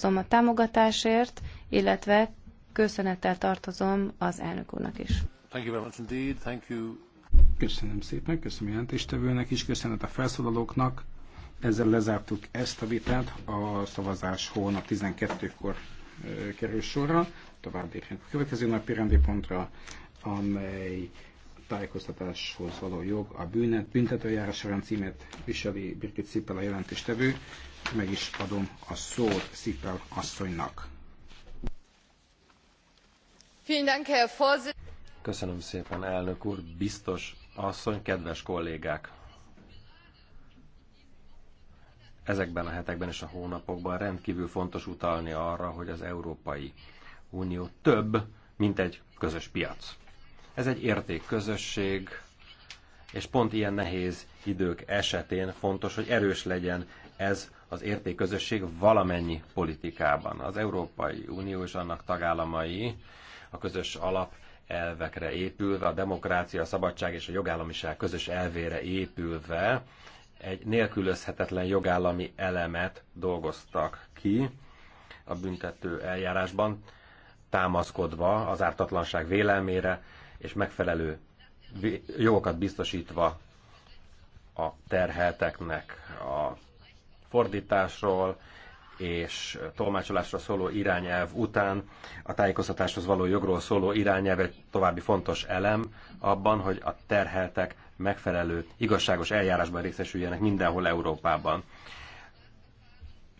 tartozom a támogatásért, illetve köszönettel tartozom az elnök úrnak is. Thank you very much indeed. Thank you. Köszönöm szépen, köszönöm jelentéstevőnek is, köszönet a felszólalóknak. Ezzel lezártuk ezt a vitát, a szavazás holnap 12-kor kerül sorra. Tovább érünk a következő napi rendi pontra, amely tájékoztatáshoz való jog a bűnet, büntetőjárás során címet viseli Birgit Szippel a jelentéstevő. Meg is adom a szót Szippel asszonynak. Köszönöm szépen, elnök úr, biztos asszony, kedves kollégák! Ezekben a hetekben és a hónapokban rendkívül fontos utalni arra, hogy az Európai Unió több, mint egy közös piac. Ez egy értékközösség, és pont ilyen nehéz idők esetén fontos, hogy erős legyen ez az értékközösség valamennyi politikában. Az Európai Unió és annak tagállamai a közös alap elvekre épülve, a demokrácia, a szabadság és a jogállamiság közös elvére épülve egy nélkülözhetetlen jogállami elemet dolgoztak ki a büntető eljárásban, támaszkodva az ártatlanság vélelmére, és megfelelő jogokat biztosítva a terhelteknek a fordításról és tolmácsolásra szóló irányelv után a tájékoztatáshoz való jogról szóló irányelv egy további fontos elem abban, hogy a terheltek megfelelő igazságos eljárásban részesüljenek mindenhol Európában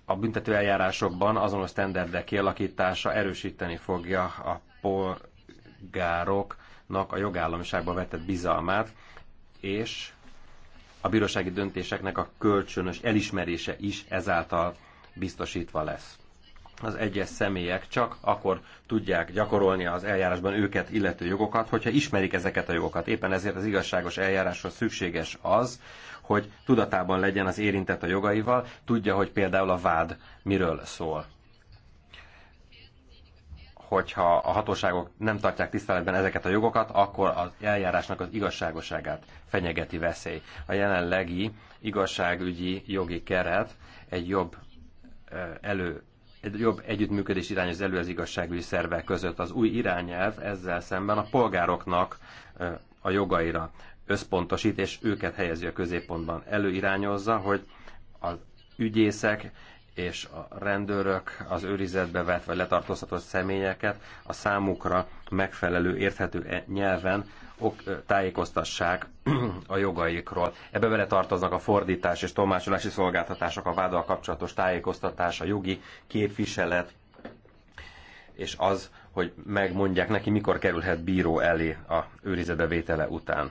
a büntető eljárásokban azonos standardek kialakítása erősíteni fogja a polgárok a jogállamiságba vetett bizalmát, és a bírósági döntéseknek a kölcsönös elismerése is ezáltal biztosítva lesz. Az egyes személyek csak akkor tudják gyakorolni az eljárásban őket illető jogokat, hogyha ismerik ezeket a jogokat. Éppen ezért az igazságos eljáráshoz szükséges az, hogy tudatában legyen az érintett a jogaival, tudja, hogy például a vád miről szól hogyha a hatóságok nem tartják tiszteletben ezeket a jogokat, akkor az eljárásnak az igazságosságát fenyegeti veszély. A jelenlegi igazságügyi jogi keret egy jobb elő egy jobb együttműködés az elő az igazságügyi szervek között. Az új irányelv ezzel szemben a polgároknak a jogaira összpontosít, és őket helyezi a középpontban. Előirányozza, hogy az ügyészek és a rendőrök az őrizetbe vett vagy letartóztatott személyeket a számukra megfelelő, érthető e- nyelven ok, tájékoztassák a jogaikról. Ebbe bele tartoznak a fordítás és tolmácsolási szolgáltatások, a váddal kapcsolatos tájékoztatás, a jogi képviselet, és az, hogy megmondják neki, mikor kerülhet bíró elé a őrizetbe vétele után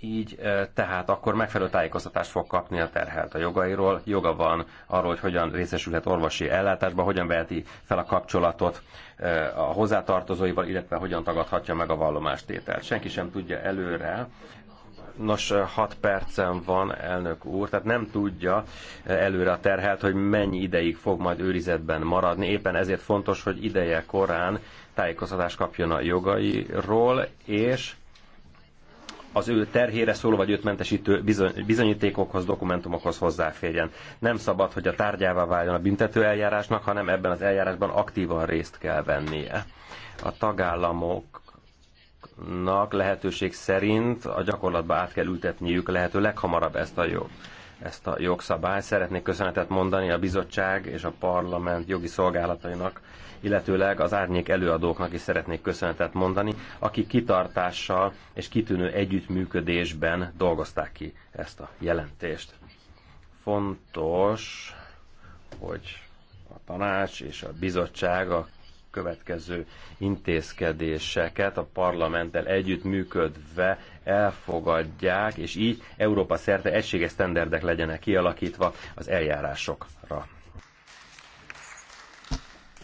így tehát akkor megfelelő tájékoztatást fog kapni a terhelt a jogairól. Joga van arról, hogy hogyan részesülhet orvosi ellátásba, hogyan veheti fel a kapcsolatot a hozzátartozóival, illetve hogyan tagadhatja meg a vallomástételt. Senki sem tudja előre, Nos, 6 percen van, elnök úr, tehát nem tudja előre a terhelt, hogy mennyi ideig fog majd őrizetben maradni. Éppen ezért fontos, hogy ideje korán tájékoztatást kapjon a jogairól, és az ő terhére szóló vagy őt mentesítő bizonyítékokhoz, dokumentumokhoz hozzáférjen. Nem szabad, hogy a tárgyává váljon a büntető eljárásnak, hanem ebben az eljárásban aktívan részt kell vennie. A tagállamok lehetőség szerint a gyakorlatba át kell ültetniük lehető leghamarabb ezt a jog, ezt a jogszabályt. Szeretnék köszönetet mondani a bizottság és a parlament jogi szolgálatainak illetőleg az árnyék előadóknak is szeretnék köszönetet mondani, akik kitartással és kitűnő együttműködésben dolgozták ki ezt a jelentést. Fontos, hogy a tanács és a bizottság a következő intézkedéseket a parlamenttel együttműködve elfogadják, és így Európa szerte egységes standardek legyenek kialakítva az eljárásokra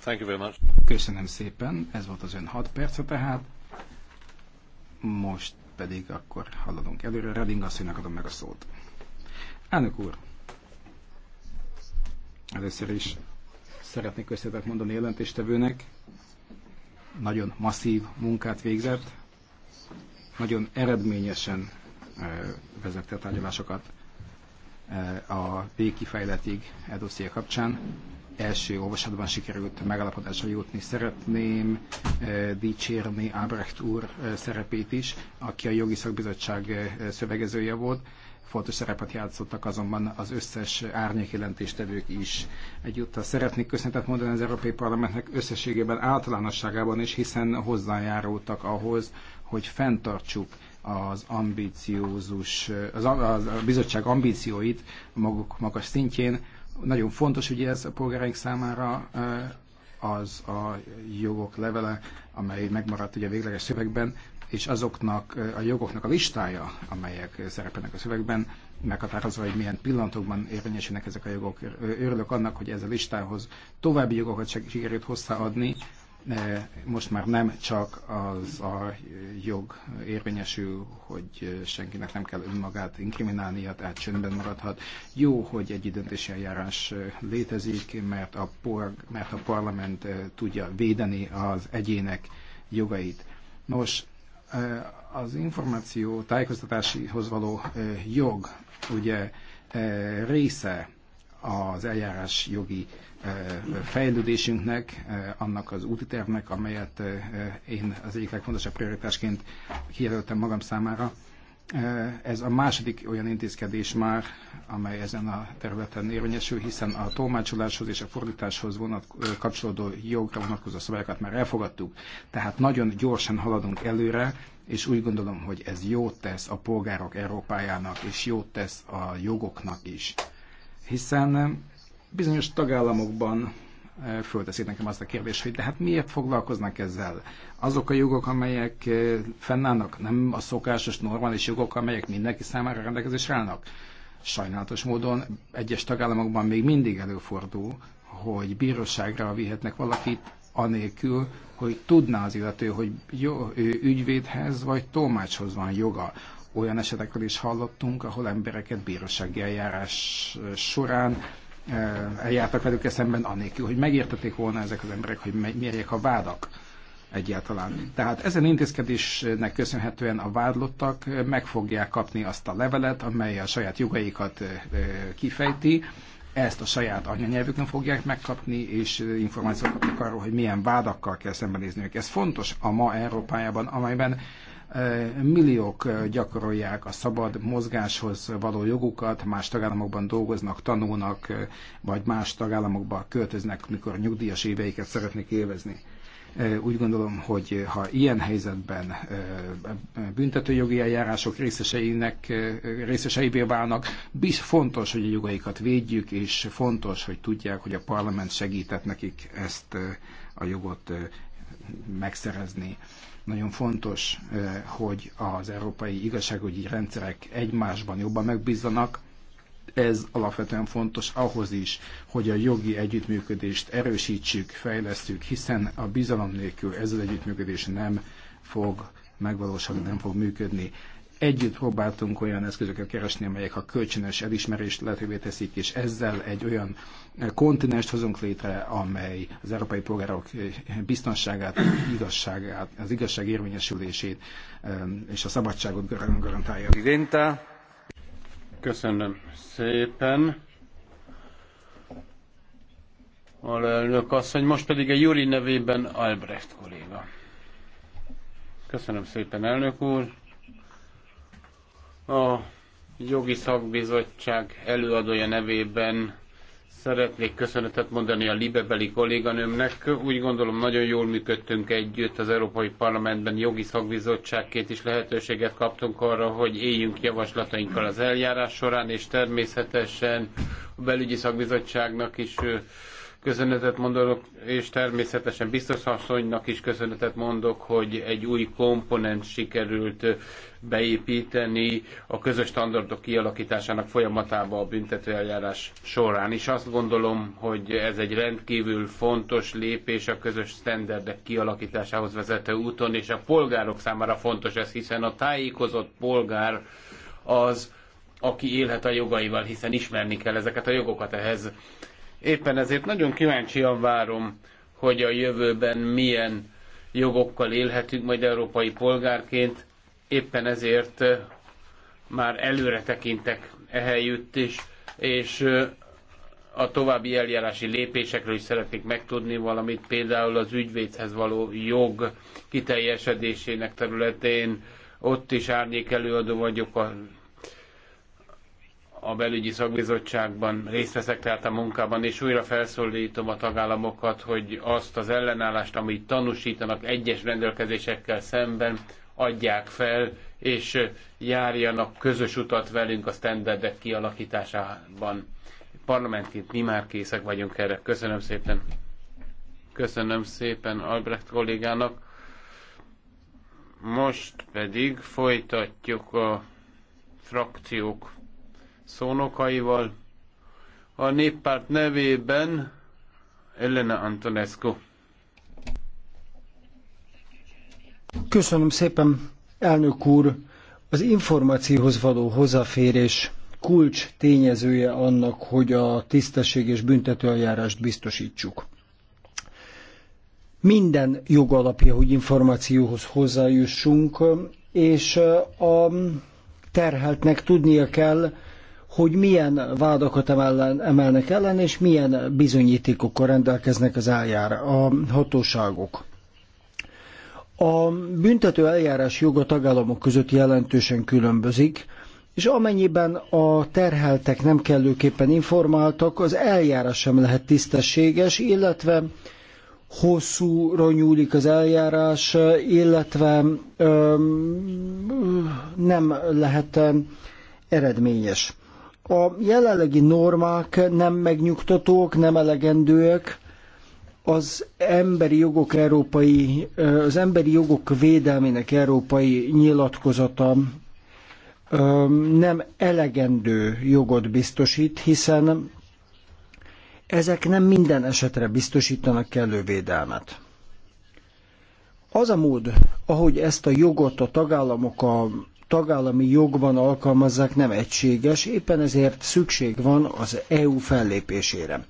Thank you very much. Köszönöm szépen, ez volt az ön 6 perce tehát. Most pedig akkor haladunk előre. Reding asszonynak adom meg a szót. Elnök úr, először is szeretnék köszönetet mondani jelentéstevőnek. Nagyon masszív munkát végzett, nagyon eredményesen vezette a tárgyalásokat a végkifejletig e dosszié kapcsán első olvasatban sikerült megalapodásra jutni. Szeretném eh, dicsérni Ábrecht úr eh, szerepét is, aki a jogi szakbizottság eh, szövegezője volt. Fontos szerepet játszottak azonban az összes árnyékjelentéstevők is. együtt. szeretnék köszönetet mondani az Európai Parlamentnek összességében, általánosságában is, hiszen hozzájárultak ahhoz, hogy fenntartsuk az ambiciózus, az, az, a bizottság ambícióit maguk magas szintjén, nagyon fontos ugye ez a polgáraink számára az a jogok levele, amely megmaradt ugye a végleges szövegben, és azoknak a jogoknak a listája, amelyek szerepelnek a szövegben, meghatározva, hogy milyen pillanatokban érvényesülnek ezek a jogok. Örülök annak, hogy ez a listához további jogokat sikerült hozzáadni, most már nem csak az a jog érvényesül, hogy senkinek nem kell önmagát inkriminálnia, tehát csöndben maradhat. Jó, hogy egy döntési eljárás létezik, mert a, por, mert a parlament tudja védeni az egyének jogait. Nos, az információ tájékoztatásihoz való jog ugye része az eljárás jogi fejlődésünknek, annak az úti tervnek, amelyet én az egyik legfontosabb prioritásként kijelöltem magam számára. Ez a második olyan intézkedés már, amely ezen a területen érvényesül, hiszen a tolmácsoláshoz és a fordításhoz vonat, kapcsolódó jogra vonatkozó szabályokat már elfogadtuk. Tehát nagyon gyorsan haladunk előre, és úgy gondolom, hogy ez jót tesz a polgárok Európájának, és jót tesz a jogoknak is hiszen eh, bizonyos tagállamokban eh, fölteszik nekem azt a kérdést, hogy de hát miért foglalkoznak ezzel? Azok a jogok, amelyek eh, fennállnak, nem a szokásos, normális jogok, amelyek mindenki számára rendelkezésre állnak? Sajnálatos módon egyes tagállamokban még mindig előfordul, hogy bíróságra vihetnek valakit anélkül, hogy tudná az illető, hogy jó, ő ügyvédhez vagy tolmácshoz van joga. Olyan esetekről is hallottunk, ahol embereket bírósági eljárás során eljártak velük eszemben, anélkül, hogy megértették volna ezek az emberek, hogy mérjék a vádak egyáltalán. Tehát ezen intézkedésnek köszönhetően a vádlottak meg fogják kapni azt a levelet, amely a saját jogaikat kifejti, ezt a saját anyanyelvükön fogják megkapni, és információkat kapnak arról, hogy milyen vádakkal kell szembenézniük. Ez fontos a ma Európájában, amelyben Eh, milliók eh, gyakorolják a szabad mozgáshoz való jogukat, más tagállamokban dolgoznak, tanulnak, eh, vagy más tagállamokba költöznek, mikor nyugdíjas éveiket szeretnék élvezni. Úgy gondolom, hogy ha ilyen helyzetben büntetőjogi eljárások részeseinek, részeseivé válnak, biz fontos, hogy a jogaikat védjük, és fontos, hogy tudják, hogy a parlament segített nekik ezt a jogot megszerezni. Nagyon fontos, hogy az európai igazságügyi rendszerek egymásban jobban megbízzanak. Ez alapvetően fontos ahhoz is, hogy a jogi együttműködést erősítsük, fejlesztjük, hiszen a bizalom nélkül ez az együttműködés nem fog megvalósulni, nem fog működni. Együtt próbáltunk olyan eszközöket keresni, amelyek a kölcsönös elismerést lehetővé teszik, és ezzel egy olyan kontinest hozunk létre, amely az európai polgárok biztonságát, igazságát, az igazság érvényesülését és a szabadságot garantálja. Köszönöm szépen. Alelnök asszony, most pedig a Juri nevében Albrecht kolléga. Köszönöm szépen, elnök úr. A jogi szakbizottság előadója nevében szeretnék köszönetet mondani a libebeli kolléganőmnek. Úgy gondolom, nagyon jól működtünk együtt az Európai Parlamentben, jogi szakbizottságként is lehetőséget kaptunk arra, hogy éljünk javaslatainkkal az eljárás során, és természetesen a belügyi szakbizottságnak is köszönetet mondok, és természetesen biztos asszonynak is köszönetet mondok, hogy egy új komponens sikerült beépíteni a közös standardok kialakításának folyamatába a büntetőeljárás során. És azt gondolom, hogy ez egy rendkívül fontos lépés a közös standardek kialakításához vezető úton, és a polgárok számára fontos ez, hiszen a tájékozott polgár az, aki élhet a jogaival, hiszen ismerni kell ezeket a jogokat ehhez Éppen ezért nagyon kíváncsian várom, hogy a jövőben milyen jogokkal élhetünk majd európai polgárként. Éppen ezért már előre tekintek ehelyütt is, és a további eljárási lépésekről is szeretnék megtudni valamit, például az ügyvédhez való jog kiteljesedésének területén. Ott is árnyék előadó vagyok a a belügyi szakbizottságban részt veszek tehát a munkában, és újra felszólítom a tagállamokat, hogy azt az ellenállást, amit tanúsítanak egyes rendelkezésekkel szemben, adják fel, és járjanak közös utat velünk a standardek kialakításában. Parlamentként mi már készek vagyunk erre. Köszönöm szépen. Köszönöm szépen Albrecht kollégának. Most pedig folytatjuk a frakciók szónokaival. A néppárt nevében Elena Antonescu. Köszönöm szépen, elnök úr! Az információhoz való hozzáférés kulcs tényezője annak, hogy a tisztesség és büntetőeljárást biztosítsuk. Minden jog alapja, hogy információhoz hozzájussunk, és a terheltnek tudnia kell, hogy milyen vádakat emellen, emelnek ellen, és milyen bizonyítékokkal rendelkeznek az eljár, a hatóságok. A büntető eljárás joga tagállamok között jelentősen különbözik, és amennyiben a terheltek nem kellőképpen informáltak, az eljárás sem lehet tisztességes, illetve hosszúra nyúlik az eljárás, illetve öm, nem lehet eredményes. A jelenlegi normák nem megnyugtatók, nem elegendőek, az emberi jogok európai, az emberi jogok védelmének európai nyilatkozata nem elegendő jogot biztosít, hiszen ezek nem minden esetre biztosítanak kellő védelmet. Az a mód, ahogy ezt a jogot a tagállamok a tagállami jogban alkalmazzák nem egységes, éppen ezért szükség van az EU fellépésére.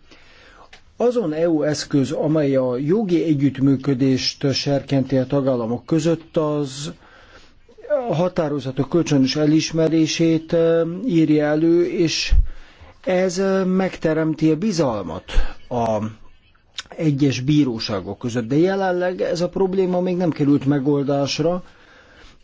Azon EU eszköz, amely a jogi együttműködést serkenti a tagállamok között, az a határozatok kölcsönös elismerését írja elő, és ez megteremti a bizalmat a egyes bíróságok között. De jelenleg ez a probléma még nem került megoldásra,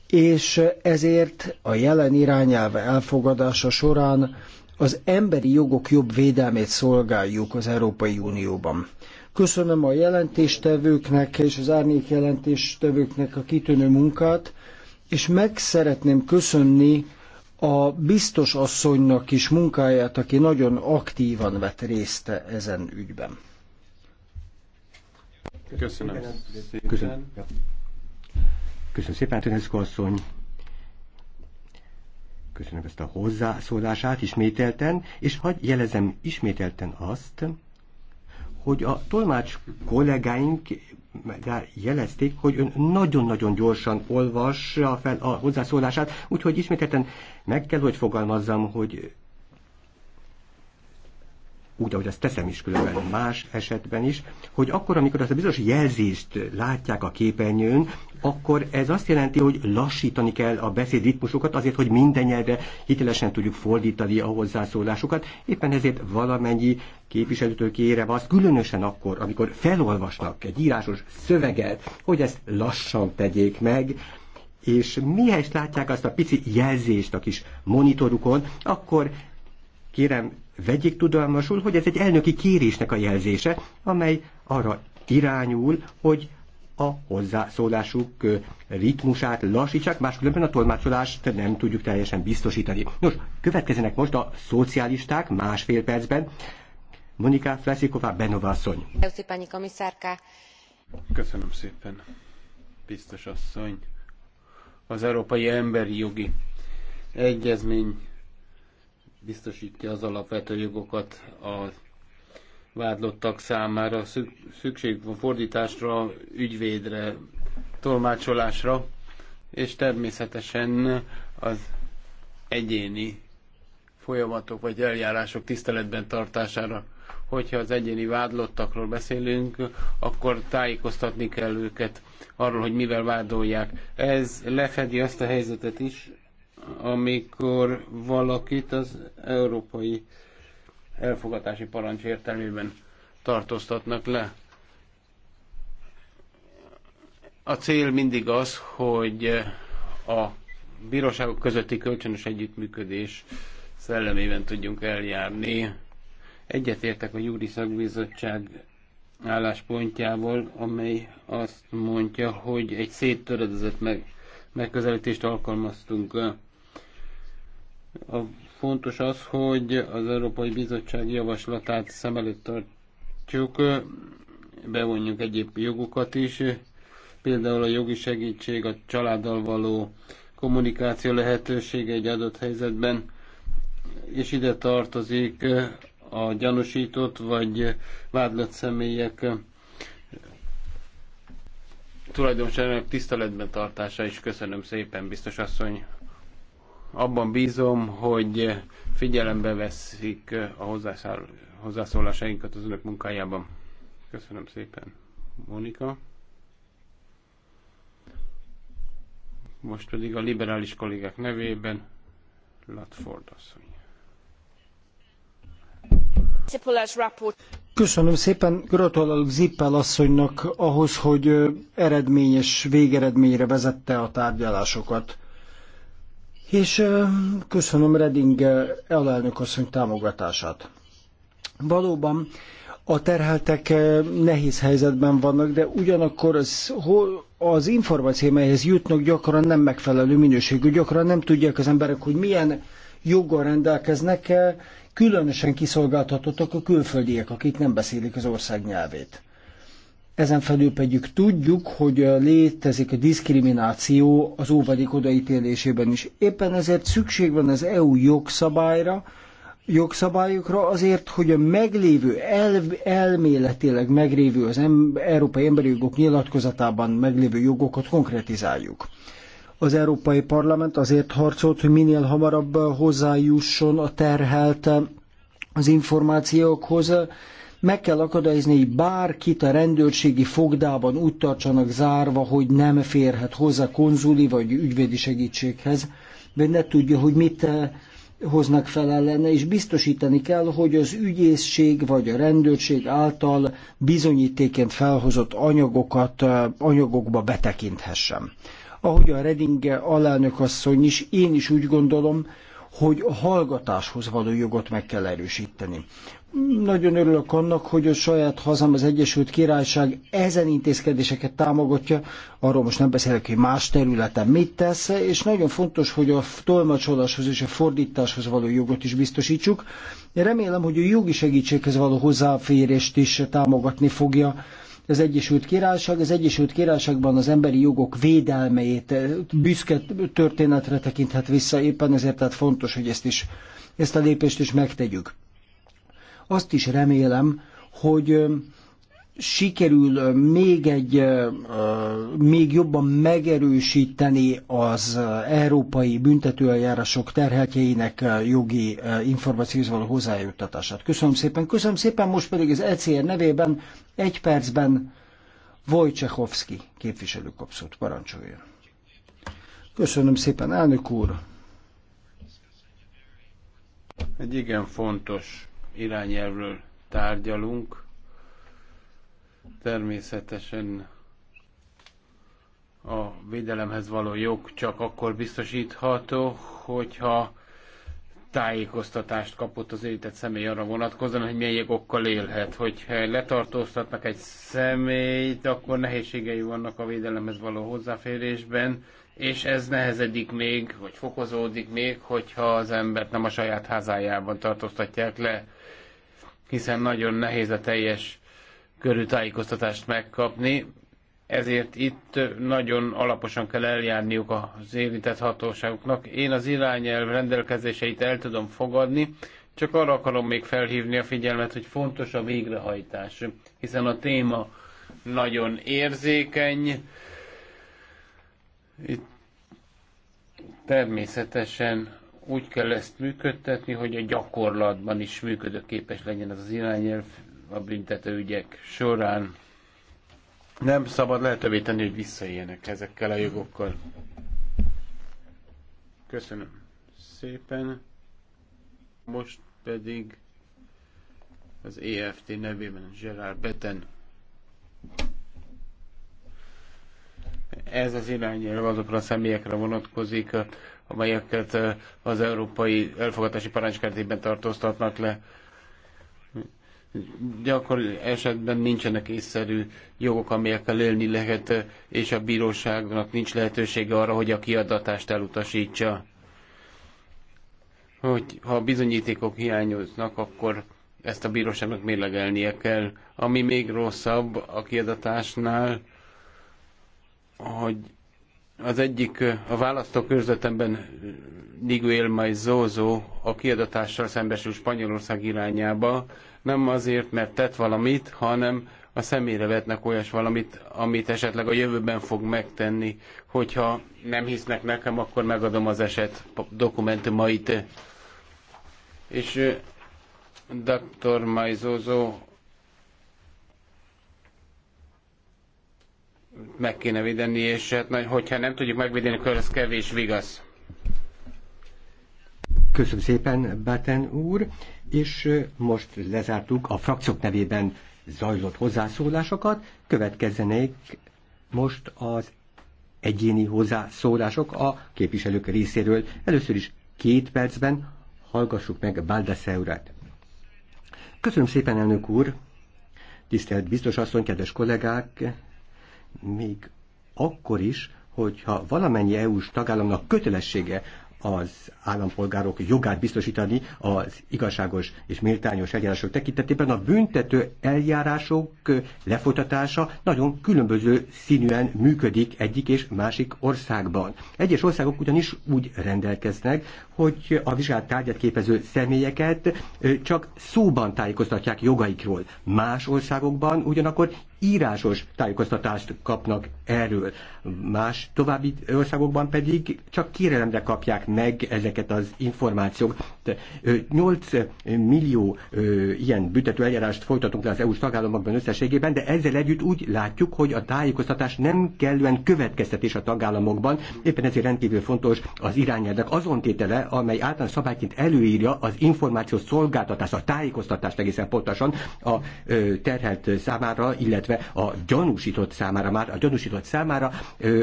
és ezért a jelen irányelv elfogadása során az emberi jogok jobb védelmét szolgáljuk az Európai Unióban. Köszönöm a jelentéstevőknek és az árnyék jelentéstevőknek a kitűnő munkát, és meg szeretném köszönni a biztos asszonynak is munkáját, aki nagyon aktívan vett részt ezen ügyben. Köszönöm. Köszönöm. Köszönöm szépen, Tönöszko asszony. Köszönöm ezt a hozzászólását ismételten, és hagy jelezem ismételten azt, hogy a tolmács kollégáink jelezték, hogy ön nagyon-nagyon gyorsan olvassa fel a hozzászólását, úgyhogy ismételten meg kell, hogy fogalmazzam, hogy úgy, ahogy azt teszem is különben más esetben is, hogy akkor, amikor azt a bizonyos jelzést látják a képernyőn, akkor ez azt jelenti, hogy lassítani kell a beszéd ritmusokat azért, hogy minden nyelvre hitelesen tudjuk fordítani a hozzászólásokat. Éppen ezért valamennyi képviselőtől kérem azt, különösen akkor, amikor felolvasnak egy írásos szöveget, hogy ezt lassan tegyék meg, és mihez látják azt a pici jelzést a kis monitorukon, akkor kérem vegyék tudomásul, hogy ez egy elnöki kérésnek a jelzése, amely arra irányul, hogy a hozzászólásuk ritmusát lassítsák, máskülönben a tolmácsolást nem tudjuk teljesen biztosítani. Nos, következenek most a szocialisták másfél percben. Monika Flesiková Benovasszony. Köszönöm szépen, biztos asszony. Az Európai Emberi Jogi Egyezmény biztosítja az alapvető jogokat a vádlottak számára. Szükség van fordításra, ügyvédre, tolmácsolásra, és természetesen az egyéni folyamatok vagy eljárások tiszteletben tartására. Hogyha az egyéni vádlottakról beszélünk, akkor tájékoztatni kell őket arról, hogy mivel vádolják. Ez lefedi azt a helyzetet is, amikor valakit az európai elfogatási parancs értelmében tartóztatnak le. A cél mindig az, hogy a bíróságok közötti kölcsönös együttműködés szellemében tudjunk eljárni. Egyetértek a Júri Szakbizottság álláspontjával, amely azt mondja, hogy egy széttöredezett meg, megközelítést alkalmaztunk a fontos az, hogy az Európai Bizottság javaslatát szem előtt tartjuk, bevonjuk egyéb jogokat is, például a jogi segítség, a családdal való kommunikáció lehetősége egy adott helyzetben, és ide tartozik a gyanúsított vagy vádlott személyek tulajdonságának tiszteletben tartása is. Köszönöm szépen, biztos asszony abban bízom, hogy figyelembe veszik a hozzászólásainkat az önök munkájában. Köszönöm szépen, Monika. Most pedig a liberális kollégák nevében Latford asszony. Köszönöm szépen, gratulálok Zippel asszonynak ahhoz, hogy eredményes végeredményre vezette a tárgyalásokat és köszönöm Reding elnök asszony támogatását. Valóban a terheltek nehéz helyzetben vannak, de ugyanakkor az, az információ, melyhez jutnak, gyakran nem megfelelő minőségű, gyakran nem tudják az emberek, hogy milyen joggal rendelkeznek, különösen kiszolgáltatottak a külföldiek, akik nem beszélik az ország nyelvét. Ezen felül pedig tudjuk, hogy létezik a diszkrimináció az óvadék odaítélésében is. Éppen ezért szükség van az EU jogszabályra, jogszabályokra azért, hogy a meglévő, el, elméletileg megrévő az em, Európai Emberi Jogok nyilatkozatában meglévő jogokat konkretizáljuk. Az Európai Parlament azért harcolt, hogy minél hamarabb hozzájusson a terhelt az információkhoz, meg kell akadályozni, hogy bárkit a rendőrségi fogdában úgy tartsanak zárva, hogy nem férhet hozzá konzuli vagy ügyvédi segítséghez, vagy ne tudja, hogy mit eh, hoznak fel ellene, és biztosítani kell, hogy az ügyészség vagy a rendőrség által bizonyítéként felhozott anyagokat, eh, anyagokba betekinthessem. Ahogy a Reding alelnök asszony is, én is úgy gondolom, hogy a hallgatáshoz való jogot meg kell erősíteni. Nagyon örülök annak, hogy a saját hazám, az Egyesült Királyság ezen intézkedéseket támogatja, arról most nem beszélek, hogy más területen mit tesz, és nagyon fontos, hogy a tolmacsoláshoz és a fordításhoz való jogot is biztosítsuk. Remélem, hogy a jogi segítséghez való hozzáférést is támogatni fogja az Egyesült Királyság. Az Egyesült Királyságban az emberi jogok védelmeit eh, büszke történetre tekinthet vissza, éppen ezért tehát fontos, hogy ezt, is, ezt a lépést is megtegyük. Azt is remélem, hogy eh, sikerül még egy, még jobban megerősíteni az európai büntetőeljárások terheltjeinek jogi információhoz való hozzájuttatását. Köszönöm szépen. Köszönöm szépen, most pedig az ECR nevében egy percben Wojciechowski képviselő kapszót parancsoljon. Köszönöm szépen, elnök úr. Egy igen fontos irányelvről tárgyalunk, Természetesen a védelemhez való jog csak akkor biztosítható, hogyha tájékoztatást kapott az érintett személy arra vonatkozóan, hogy milyen jogokkal élhet. Hogyha letartóztatnak egy személyt, akkor nehézségei vannak a védelemhez való hozzáférésben, és ez nehezedik még, vagy fokozódik még, hogyha az embert nem a saját házájában tartóztatják le, hiszen nagyon nehéz a teljes körül tájékoztatást megkapni, ezért itt nagyon alaposan kell eljárniuk az érintett hatóságoknak. Én az irányelv rendelkezéseit el tudom fogadni, csak arra akarom még felhívni a figyelmet, hogy fontos a végrehajtás, hiszen a téma nagyon érzékeny. Itt természetesen úgy kell ezt működtetni, hogy a gyakorlatban is működőképes legyen az irányelv a ügyek során. Nem szabad lehetővé tenni, hogy visszaéljenek ezekkel a jogokkal. Köszönöm szépen. Most pedig az EFT nevében Gerard Beten. Ez az irányelv azokra a személyekre vonatkozik, amelyeket eh, az európai elfogadási parancskertében tartóztatnak le gyakori esetben nincsenek észszerű jogok, amelyekkel élni lehet, és a bíróságnak nincs lehetősége arra, hogy a kiadatást elutasítsa. Hogy ha bizonyítékok hiányoznak, akkor ezt a bíróságnak mérlegelnie kell. Ami még rosszabb a kiadatásnál, hogy az egyik a választókörzetemben Miguel Maizózó a kiadatással szembesül Spanyolország irányába, nem azért, mert tett valamit, hanem a szemére vetnek olyas valamit, amit esetleg a jövőben fog megtenni, hogyha nem hisznek nekem, akkor megadom az eset dokumentumait. És dr. Maizózó meg kéne védeni, és hát, hogyha nem tudjuk megvédeni, akkor ez kevés vigasz. Köszönöm szépen, Baten úr, és most lezártuk a frakciók nevében zajlott hozzászólásokat, következzenek most az egyéni hozzászólások a képviselők részéről. Először is két percben hallgassuk meg Baldasse urat. Köszönöm szépen, elnök úr! Tisztelt biztos asszony, kedves kollégák! még akkor is, hogyha valamennyi EU-s tagállamnak kötelessége az állampolgárok jogát biztosítani az igazságos és méltányos eljárások tekintetében a büntető eljárások lefolytatása nagyon különböző színűen működik egyik és másik országban. Egyes országok ugyanis úgy rendelkeznek, hogy a vizsgált tárgyat képező személyeket csak szóban tájékoztatják jogaikról. Más országokban ugyanakkor írásos tájékoztatást kapnak erről. Más további országokban pedig csak kérelemre kapják meg ezeket az információkat. 8 millió ilyen büntető eljárást folytatunk le az EU-s tagállamokban összességében, de ezzel együtt úgy látjuk, hogy a tájékoztatás nem kellően következtetés a tagállamokban. Éppen ezért rendkívül fontos az irányelvek azon tétele, amely általános szabályként előírja az információ szolgáltatást, a tájékoztatást egészen pontosan a terhelt számára, illetve illetve a gyanúsított számára, már a gyanúsított számára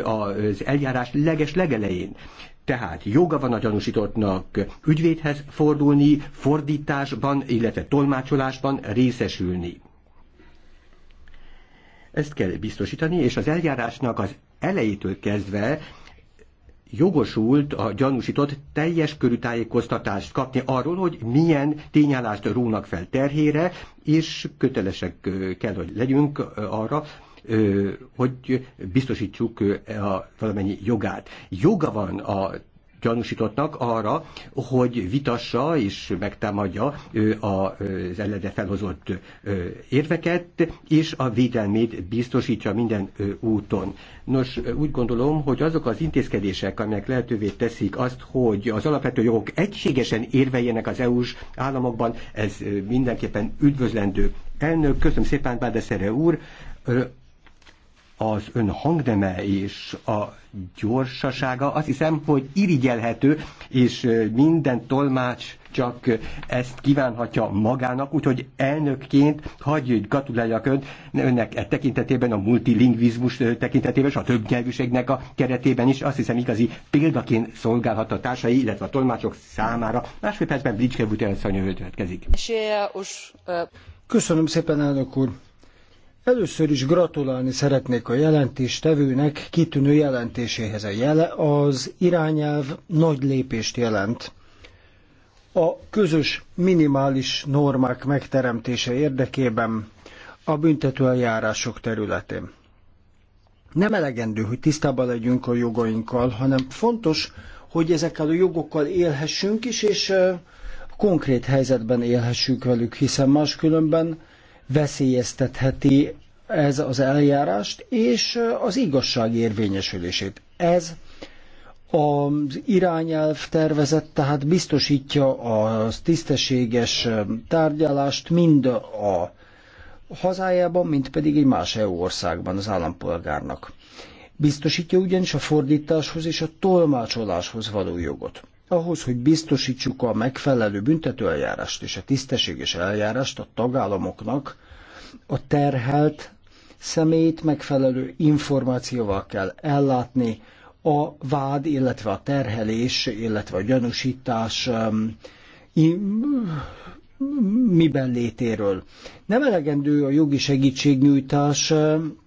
az eljárás leges legelején. Tehát joga van a gyanúsítottnak ügyvédhez fordulni, fordításban, illetve tolmácsolásban részesülni. Ezt kell biztosítani, és az eljárásnak az elejétől kezdve jogosult a gyanúsított teljes körű tájékoztatást kapni arról, hogy milyen tényállást rónak fel terhére, és kötelesek kell, hogy legyünk arra, hogy biztosítsuk a valamennyi jogát. Joga van a gyanúsítottnak arra, hogy vitassa és megtámadja az ellene felhozott érveket, és a védelmét biztosítja minden úton. Nos, úgy gondolom, hogy azok az intézkedések, amelyek lehetővé teszik azt, hogy az alapvető jogok egységesen érveljenek az EU-s államokban, ez mindenképpen üdvözlendő. Elnök, köszönöm szépen, Bádeszere úr, az ön hangneme és a gyorsasága azt hiszem, hogy irigyelhető, és minden tolmács csak ezt kívánhatja magának, úgyhogy elnökként hagyj gratuláljak ön, önnek e tekintetében, a multilingvizmus tekintetében, és a többnyelvűségnek a keretében is, azt hiszem igazi példaként szolgálhat a társai, illetve a tolmácsok számára. Másfél percben Blicske Butelszany következik. Köszönöm szépen, elnök úr! Először is gratulálni szeretnék a jelentéstevőnek kitűnő jelentéséhez. A jele, az irányelv nagy lépést jelent a közös minimális normák megteremtése érdekében a büntetőeljárások területén. Nem elegendő, hogy tisztában legyünk a jogainkkal, hanem fontos, hogy ezekkel a jogokkal élhessünk is, és konkrét helyzetben élhessünk velük, hiszen máskülönben veszélyeztetheti ez az eljárást és az igazság érvényesülését. Ez az irányelv tervezet tehát biztosítja a tisztességes tárgyalást mind a hazájában, mind pedig egy más EU országban az állampolgárnak. Biztosítja ugyanis a fordításhoz és a tolmácsoláshoz való jogot ahhoz, hogy biztosítsuk a megfelelő büntetőeljárást és a tisztességes eljárást a tagállamoknak, a terhelt személyt megfelelő információval kell ellátni, a vád, illetve a terhelés, illetve a gyanúsítás um, miben létéről. Nem elegendő a jogi segítségnyújtás, um,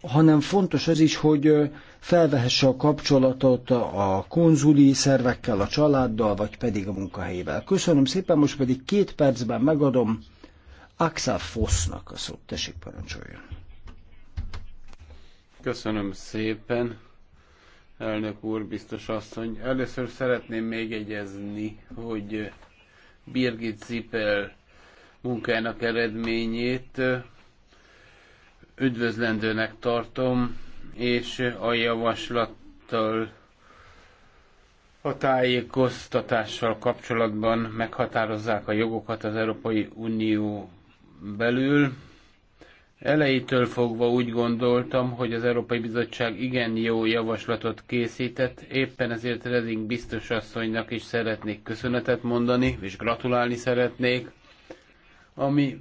hanem fontos az is, hogy uh, felvehesse a kapcsolatot a konzuli szervekkel, a családdal, vagy pedig a munkahelyével. Köszönöm szépen, most pedig két percben megadom Axel Fossnak a szót. Tessék, parancsoljon. Köszönöm szépen, elnök úr, biztos asszony. Először szeretném megjegyezni, hogy Birgit Zipel munkának eredményét üdvözlendőnek tartom, és a javaslattal a tájékoztatással kapcsolatban meghatározzák a jogokat az Európai Unió belül. Elejétől fogva úgy gondoltam, hogy az Európai Bizottság igen jó javaslatot készített, éppen ezért Reding biztos asszonynak is szeretnék köszönetet mondani, és gratulálni szeretnék, ami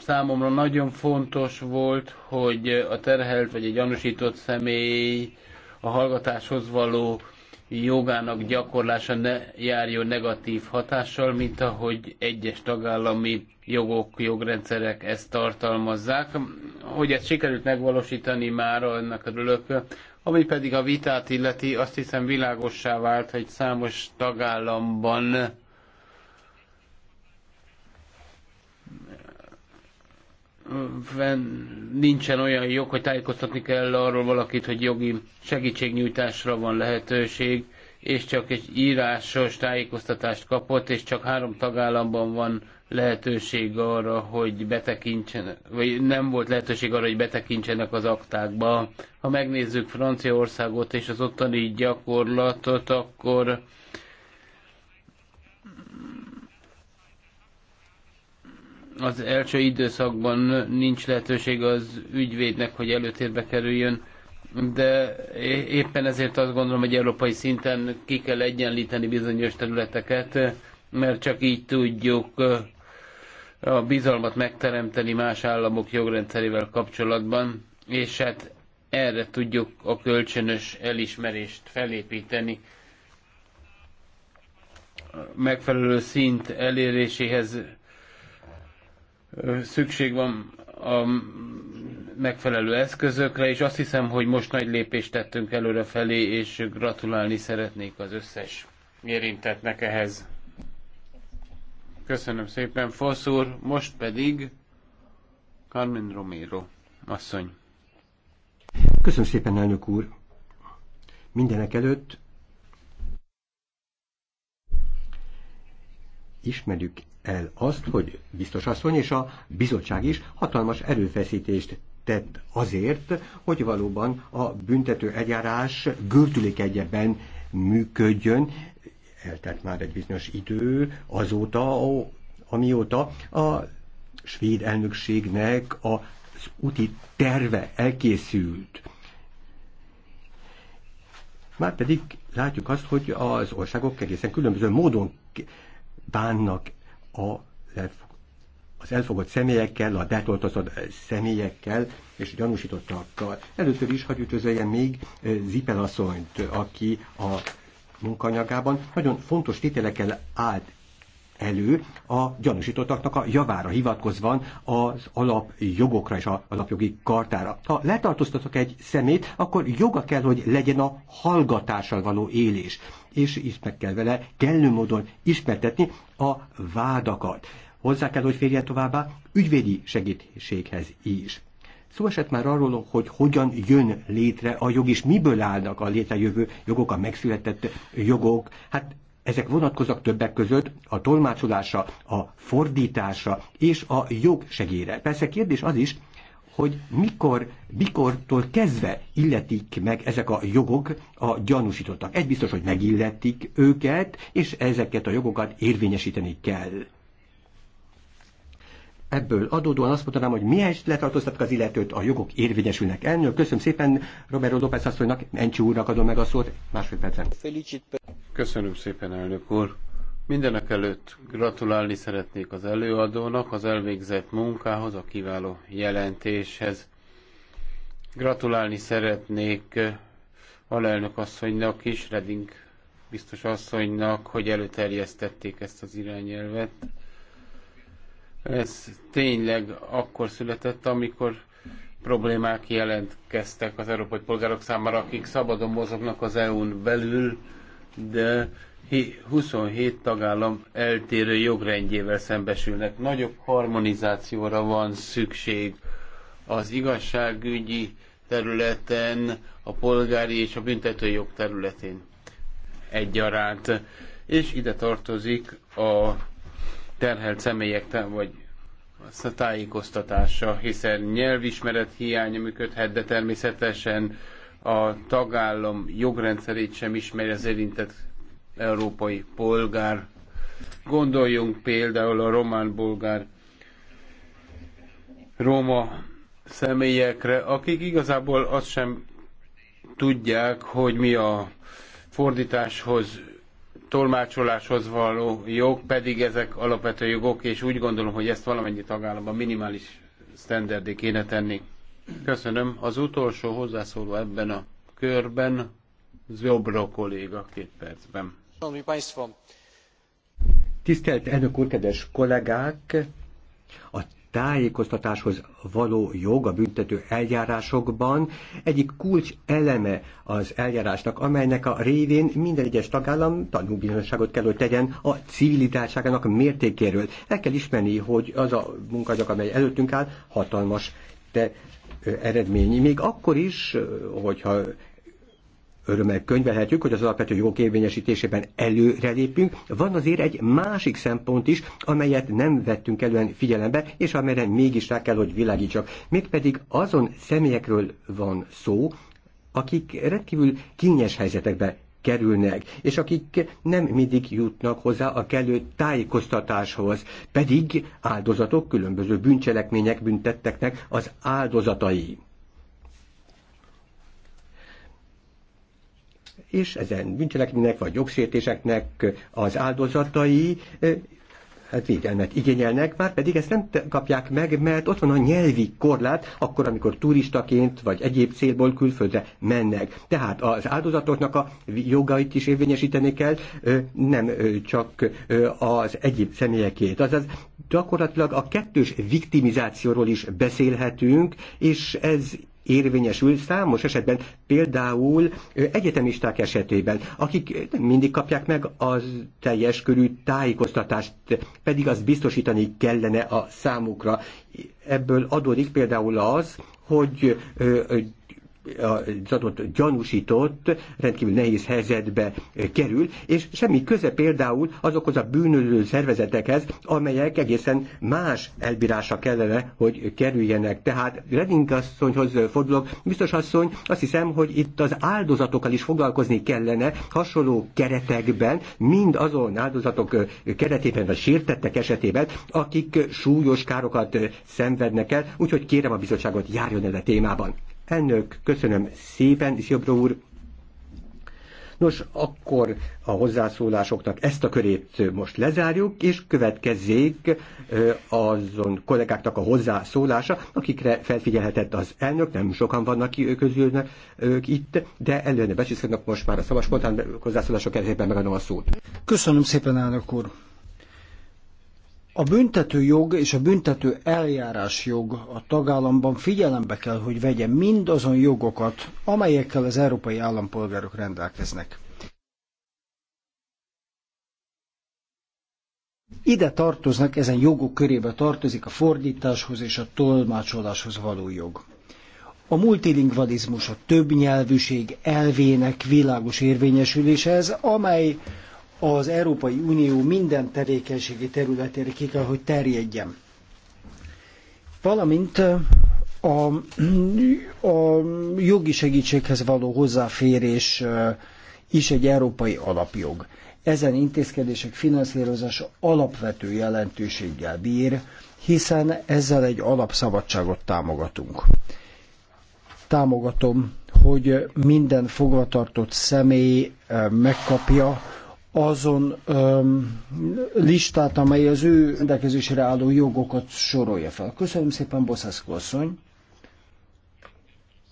számomra nagyon fontos volt, hogy a terhelt vagy egy gyanúsított személy a hallgatáshoz való jogának gyakorlása ne járjon negatív hatással, mint ahogy egyes tagállami jogok, jogrendszerek ezt tartalmazzák. Hogy ezt sikerült megvalósítani már, annak örülök. Ami pedig a vitát illeti, azt hiszem világossá vált, hogy számos tagállamban nincsen olyan jog, hogy tájékoztatni kell arról valakit, hogy jogi segítségnyújtásra van lehetőség, és csak egy írásos tájékoztatást kapott, és csak három tagállamban van lehetőség arra, hogy betekintsenek, vagy nem volt lehetőség arra, hogy betekintsenek az aktákba. Ha megnézzük Franciaországot és az ottani gyakorlatot, akkor az első időszakban nincs lehetőség az ügyvédnek, hogy előtérbe kerüljön, de éppen ezért azt gondolom, hogy európai szinten ki kell egyenlíteni bizonyos területeket, mert csak így tudjuk a bizalmat megteremteni más államok jogrendszerével kapcsolatban, és hát erre tudjuk a kölcsönös elismerést felépíteni. Megfelelő szint eléréséhez szükség van a megfelelő eszközökre, és azt hiszem, hogy most nagy lépést tettünk előre felé, és gratulálni szeretnék az összes érintettnek ehhez. Köszönöm szépen, Fosz úr. Most pedig Carmen Romero asszony. Köszönöm szépen, elnök úr. Mindenek előtt ismerjük el azt, hogy biztos asszony és a bizottság is hatalmas erőfeszítést tett azért, hogy valóban a büntető eljárás gördülékegyeben működjön. Eltelt már egy bizonyos idő azóta, amióta a svéd elnökségnek az úti terve elkészült. Márpedig látjuk azt, hogy az országok egészen különböző módon bánnak a, az elfogott személyekkel, a betoltozott eh, személyekkel és gyanúsítottakkal. Először is hagyj üdvözöljem még eh, Zipel asszonyt, aki a munkanyagában nagyon fontos tételekkel állt elő a gyanúsítottaknak a javára hivatkozva az alapjogokra és az alapjogi kartára. Ha letartóztatok egy szemét, akkor joga kell, hogy legyen a hallgatással való élés, és is meg kell vele kellő módon ismertetni a vádakat. Hozzá kell, hogy férjen továbbá ügyvédi segítséghez is. Szó esett már arról, hogy hogyan jön létre a jog, és miből állnak a létrejövő jogok, a megszületett jogok. Hát ezek vonatkoznak többek között a tolmácsolásra, a fordításra és a jogsegélyre. Persze kérdés az is, hogy mikor, mikortól kezdve illetik meg ezek a jogok a gyanúsítottak. Egy biztos, hogy megilletik őket, és ezeket a jogokat érvényesíteni kell ebből adódóan azt mondanám, hogy mihez letartóztatok az illetőt, a jogok érvényesülnek. Elnök, köszönöm szépen Roberto López asszonynak, Encsi úrnak adom meg a szót, percen. Köszönöm szépen, elnök úr. Mindenek előtt gratulálni szeretnék az előadónak, az elvégzett munkához, a kiváló jelentéshez. Gratulálni szeretnék alelnök asszonynak is, Reding biztos asszonynak, hogy előterjesztették ezt az irányelvet ez tényleg akkor született, amikor problémák jelentkeztek az európai polgárok számára, akik szabadon mozognak az EU-n belül, de 27 tagállam eltérő jogrendjével szembesülnek. Nagyobb harmonizációra van szükség az igazságügyi területen, a polgári és a büntetőjog területén egyaránt. És ide tartozik a terhelt személyek vagy a tájékoztatása, hiszen nyelvismeret hiánya működhet, de természetesen a tagállam jogrendszerét sem ismeri az érintett európai polgár. Gondoljunk például a román-bolgár roma személyekre, akik igazából azt sem tudják, hogy mi a fordításhoz tolmácsoláshoz való jog, pedig ezek alapvető jogok, és úgy gondolom, hogy ezt valamennyi tagállamban minimális sztenderdé kéne tenni. Köszönöm. Az utolsó hozzászóló ebben a körben, Zobro kolléga két percben. Tisztelt elnök úr, kedves kollégák! A tájékoztatáshoz való jog a büntető eljárásokban egyik kulcs eleme az eljárásnak, amelynek a révén minden egyes tagállam tanúbizonyságot kell, hogy tegyen a civilitáltságának mértékéről. El kell ismerni, hogy az a munkagyak, amely előttünk áll, hatalmas te eredmény. Még akkor is, hogyha örömmel könyvelhetjük, hogy az alapvető jogok érvényesítésében előrelépünk. Van azért egy másik szempont is, amelyet nem vettünk elően figyelembe, és amelyre mégis rá kell, hogy világítsak. Mégpedig azon személyekről van szó, akik rendkívül kényes helyzetekbe kerülnek, és akik nem mindig jutnak hozzá a kellő tájékoztatáshoz, pedig áldozatok különböző bűncselekmények büntetteknek az áldozatai. és ezen bűncselekménynek vagy jogsértéseknek az áldozatai hát védelmet igényelnek, már pedig ezt nem kapják meg, mert ott van a nyelvi korlát, akkor, amikor turistaként vagy egyéb célból külföldre mennek. Tehát az áldozatoknak a jogait is érvényesíteni kell, nem csak az egyéb személyekét. Azaz gyakorlatilag a kettős viktimizációról is beszélhetünk, és ez érvényesül számos esetben, például egyetemisták esetében, akik mindig kapják meg az teljes körű tájékoztatást, pedig azt biztosítani kellene a számukra. Ebből adódik például az, hogy az adott gyanúsított rendkívül nehéz helyzetbe kerül, és semmi köze például azokhoz a bűnöző szervezetekhez, amelyek egészen más elbírása kellene, hogy kerüljenek. Tehát Redding asszonyhoz fordulok, biztos asszony, azt hiszem, hogy itt az áldozatokkal is foglalkozni kellene hasonló keretekben, mind azon áldozatok keretében, vagy sértettek esetében, akik súlyos károkat szenvednek el, úgyhogy kérem a bizottságot járjon el a témában. Elnök, köszönöm szépen, és jobbra úr. Nos, akkor a hozzászólásoknak ezt a körét most lezárjuk, és következzék azon kollégáknak a hozzászólása, akikre felfigyelhetett az elnök, nem sokan vannak ki közül ők itt, de előre becsiszkednek most már a szabad spontán hozzászólások keretében megadom a szót. Köszönöm szépen, elnök úr! A büntető jog és a büntető eljárás jog a tagállamban figyelembe kell, hogy vegye mindazon jogokat, amelyekkel az európai állampolgárok rendelkeznek. Ide tartoznak, ezen jogok körébe tartozik a fordításhoz és a tolmácsoláshoz való jog. A multilingvalizmus a többnyelvűség elvének világos érvényesülése ez, amely az Európai Unió minden tevékenységi területére ki kell, hogy terjedjen. Valamint a, a jogi segítséghez való hozzáférés is egy európai alapjog. Ezen intézkedések finanszírozása alapvető jelentőséggel bír, hiszen ezzel egy alapszabadságot támogatunk. Támogatom, hogy minden fogvatartott személy megkapja azon öm, listát, amely az ő rendelkezésre álló jogokat sorolja fel. Köszönöm szépen, Boszászko asszony.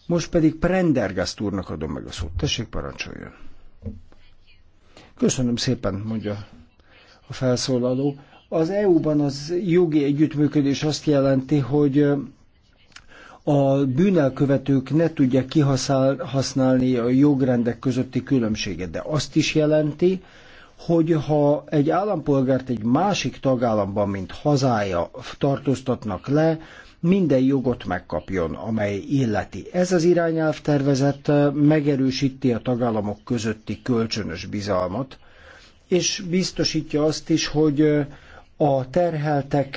Most pedig Prendergast úrnak adom meg a szót. Tessék, parancsoljon. Köszönöm szépen, mondja a felszólaló. Az EU-ban az jogi együttműködés azt jelenti, hogy a bűnelkövetők ne tudják kihasználni a jogrendek közötti különbséget, de azt is jelenti, hogy ha egy állampolgárt egy másik tagállamban, mint hazája tartóztatnak le, minden jogot megkapjon, amely illeti. Ez az irányelv tervezet megerősíti a tagállamok közötti kölcsönös bizalmat, és biztosítja azt is, hogy a terheltek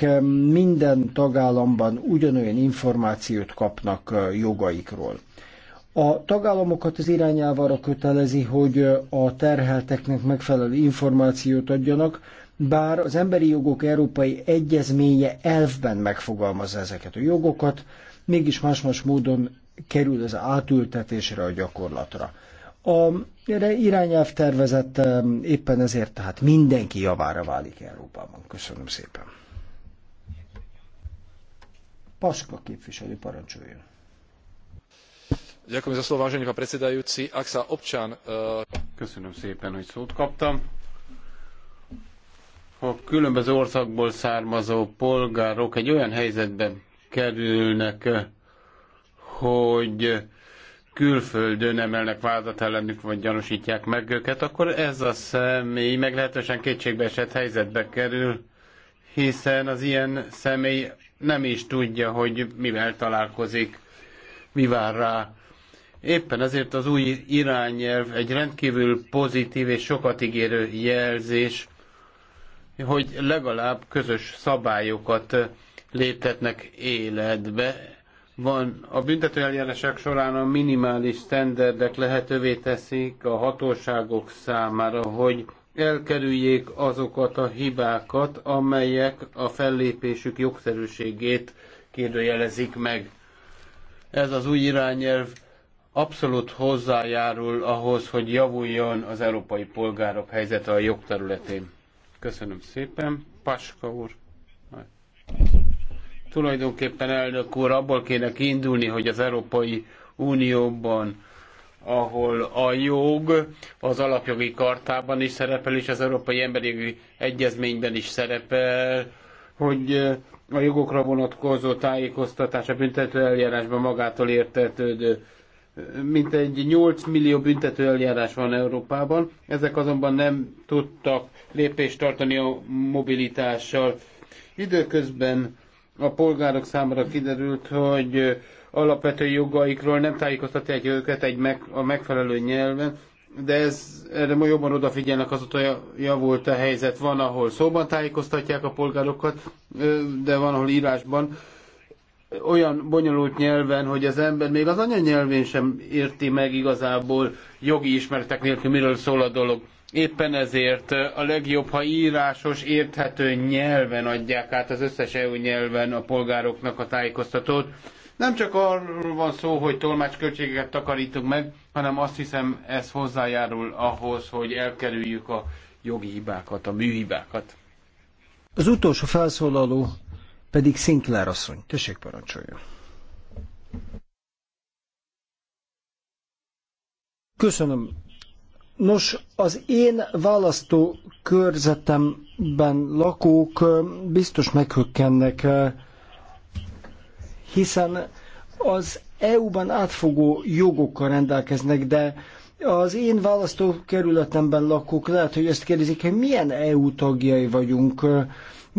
minden tagállamban ugyanolyan információt kapnak jogaikról. A tagállamokat az irányelv arra kötelezi, hogy a terhelteknek megfelelő információt adjanak, bár az Emberi Jogok Európai Egyezménye elfben megfogalmazza ezeket a jogokat, mégis más-más módon kerül ez átültetésre a gyakorlatra. A irányelv tervezett éppen ezért tehát mindenki javára válik Európában. Köszönöm szépen. Paska képviselő parancsoljon ak sa občan e, Köszönöm szépen, hogy kaptam. Ha különböző országból származó polgárok egy olyan helyzetbe kerülnek, hogy külföldön emelnek vádat ellenük, vagy gyanúsítják meg őket, akkor ez a személy meglehetősen kétségbeesett helyzetbe kerül, hiszen az ilyen személy nem is tudja, hogy mivel találkozik, mi vár rá Éppen ezért az új irányelv egy rendkívül pozitív és sokat ígérő jelzés, hogy legalább közös szabályokat léptetnek életbe. Van a büntetőeljárások során a minimális standardek lehetővé teszik a hatóságok számára, hogy elkerüljék azokat a hibákat, amelyek a fellépésük jogszerűségét kérdőjelezik meg. Ez az új irányelv abszolút hozzájárul ahhoz, hogy javuljon az európai polgárok helyzete a jogterületén. Köszönöm szépen. Paska úr. Tulajdonképpen elnök úr, abból kéne kiindulni, hogy az Európai Unióban ahol a jog az alapjogi kartában is szerepel, és az Európai Emberi Jogi Egyezményben is szerepel, hogy eh, a jogokra vonatkozó tájékoztatás a büntető eljárásban magától értetődő mint egy 8 millió büntető eljárás van Európában, ezek azonban nem tudtak lépést tartani a mobilitással. Időközben a polgárok számára kiderült, hogy alapvető jogaikról nem tájékoztatják őket egy meg, a megfelelő nyelven, de ez, erre ma jobban odafigyelnek, a javult a helyzet. Van, ahol szóban tájékoztatják a polgárokat, de van, ahol írásban olyan bonyolult nyelven, hogy az ember még az anyanyelvén sem érti meg igazából jogi ismeretek nélkül, miről szól a dolog. Éppen ezért a legjobb, ha írásos, érthető nyelven adják át az összes EU nyelven a polgároknak a tájékoztatót. Nem csak arról van szó, hogy tolmácsköltségeket takarítunk meg, hanem azt hiszem ez hozzájárul ahhoz, hogy elkerüljük a jogi hibákat, a műhibákat. Az utolsó felszólaló pedig Sinclair asszony. Tessék parancsoljon. Köszönöm. Nos, az én választó körzetemben lakók biztos meghökkennek, hiszen az EU-ban átfogó jogokkal rendelkeznek, de az én választókerületemben lakók lehet, hogy ezt kérdezik, hogy milyen EU tagjai vagyunk,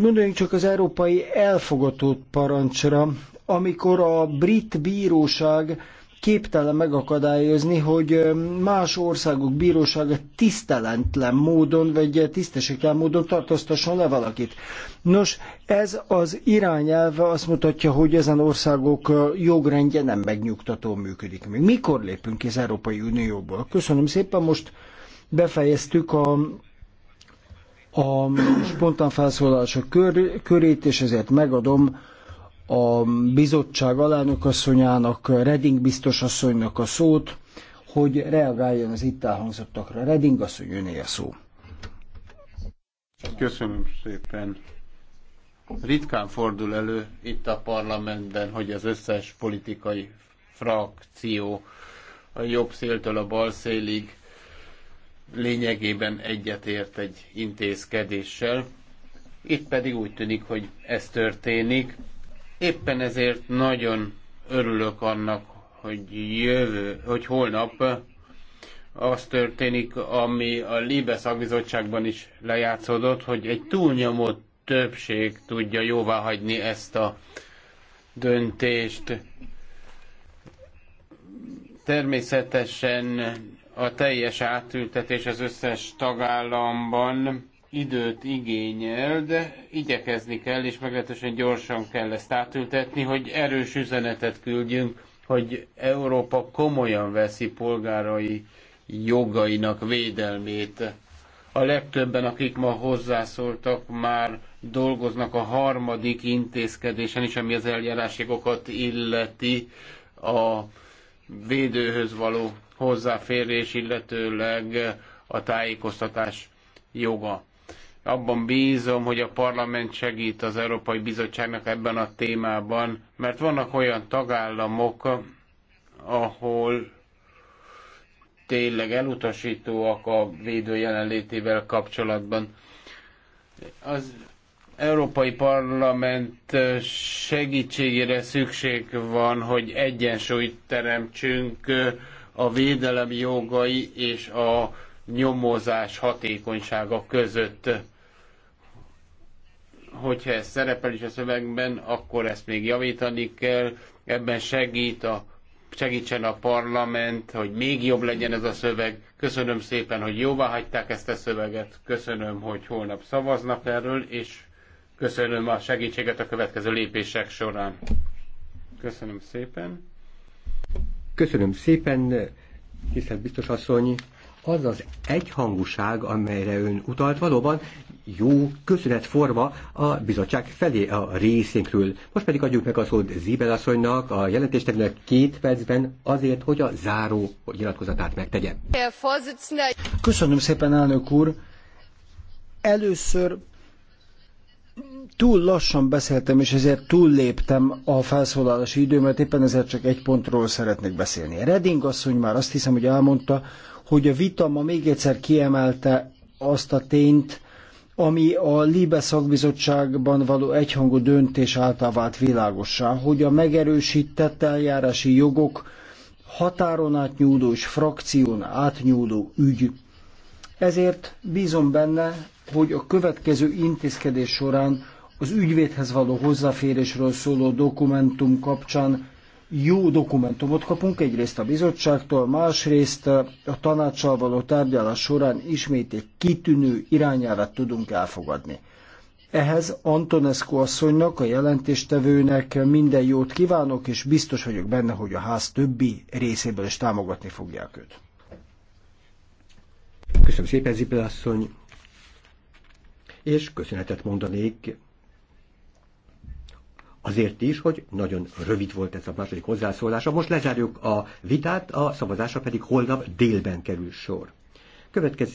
Gondoljunk csak az európai elfogatott parancsra, amikor a brit bíróság képtelen megakadályozni, hogy más országok bírósága tisztelentlen módon, vagy tisztességtelen módon tartóztasson le valakit. Nos, ez az irányelve azt mutatja, hogy ezen országok jogrendje nem megnyugtató működik még. Mikor lépünk ki az Európai Unióból? Köszönöm szépen, most befejeztük a a spontán felszólalások kör, körét, és ezért megadom a bizottság alelnökasszonyának, Reding biztosasszonynak a szót, hogy reagáljon az itt elhangzottakra. Reding asszony, öné a szó. Köszönöm szépen. Ritkán fordul elő itt a parlamentben, hogy az összes politikai frakció a jobb széltől a bal szélig lényegében egyetért egy intézkedéssel. Itt pedig úgy tűnik, hogy ez történik. Éppen ezért nagyon örülök annak, hogy jövő, hogy holnap az történik, ami a Libe szakbizottságban is lejátszódott, hogy egy túlnyomó többség tudja jóváhagyni ezt a döntést. Természetesen a teljes átültetés az összes tagállamban időt igényel, de igyekezni kell, és meglehetősen gyorsan kell ezt átültetni, hogy erős üzenetet küldjünk, hogy Európa komolyan veszi polgárai jogainak védelmét. A legtöbben, akik ma hozzászóltak, már dolgoznak a harmadik intézkedésen is, ami az eljárásjogokat illeti a védőhöz való hozzáférés, illetőleg a tájékoztatás joga. Abban bízom, hogy a parlament segít az Európai Bizottságnak ebben a témában, mert vannak olyan tagállamok, ahol tényleg elutasítóak a védő jelenlétével kapcsolatban. Az Európai Parlament segítségére szükség van, hogy egyensúlyt teremtsünk a védelem jogai és a nyomozás hatékonysága között. Hogyha ez szerepel is a szövegben, akkor ezt még javítani kell, ebben segít a segítsen a parlament, hogy még jobb legyen ez a szöveg. Köszönöm szépen, hogy jóvá hagyták ezt a szöveget. Köszönöm, hogy holnap szavaznak erről, és köszönöm a segítséget a következő lépések során. Köszönöm szépen. Köszönöm szépen, tisztelt biztos asszony. Az az egyhangúság, amelyre ön utalt, valóban jó köszönet forma a bizottság felé a részénkről. Most pedig adjuk meg a szót Zibel asszonynak, a jelentéstevőnek két percben azért, hogy a záró nyilatkozatát megtegye. Köszönöm szépen, elnök úr. Először túl lassan beszéltem, és ezért túlléptem a felszólalási időmet, éppen ezért csak egy pontról szeretnék beszélni. Reding asszony már azt hiszem, hogy elmondta, hogy a vita ma még egyszer kiemelte azt a tényt, ami a Libe szakbizottságban való egyhangú döntés által vált világossá, hogy a megerősített eljárási jogok határon átnyúló és frakción átnyúló ügy. Ezért bízom benne, hogy a következő intézkedés során az ügyvédhez való hozzáférésről szóló dokumentum kapcsán jó dokumentumot kapunk, egyrészt a bizottságtól, másrészt a tanácssal való tárgyalás során ismét egy kitűnő irányelvet tudunk elfogadni. Ehhez Antonescu asszonynak, a jelentéstevőnek minden jót kívánok, és biztos vagyok benne, hogy a ház többi részéből is támogatni fogják őt. Köszönöm szépen, Zipel asszony, és köszönetet mondanék Azért is, hogy nagyon rövid volt ez a második hozzászólása. Most lezárjuk a vitát, a szavazásra pedig holnap délben kerül sor. Következő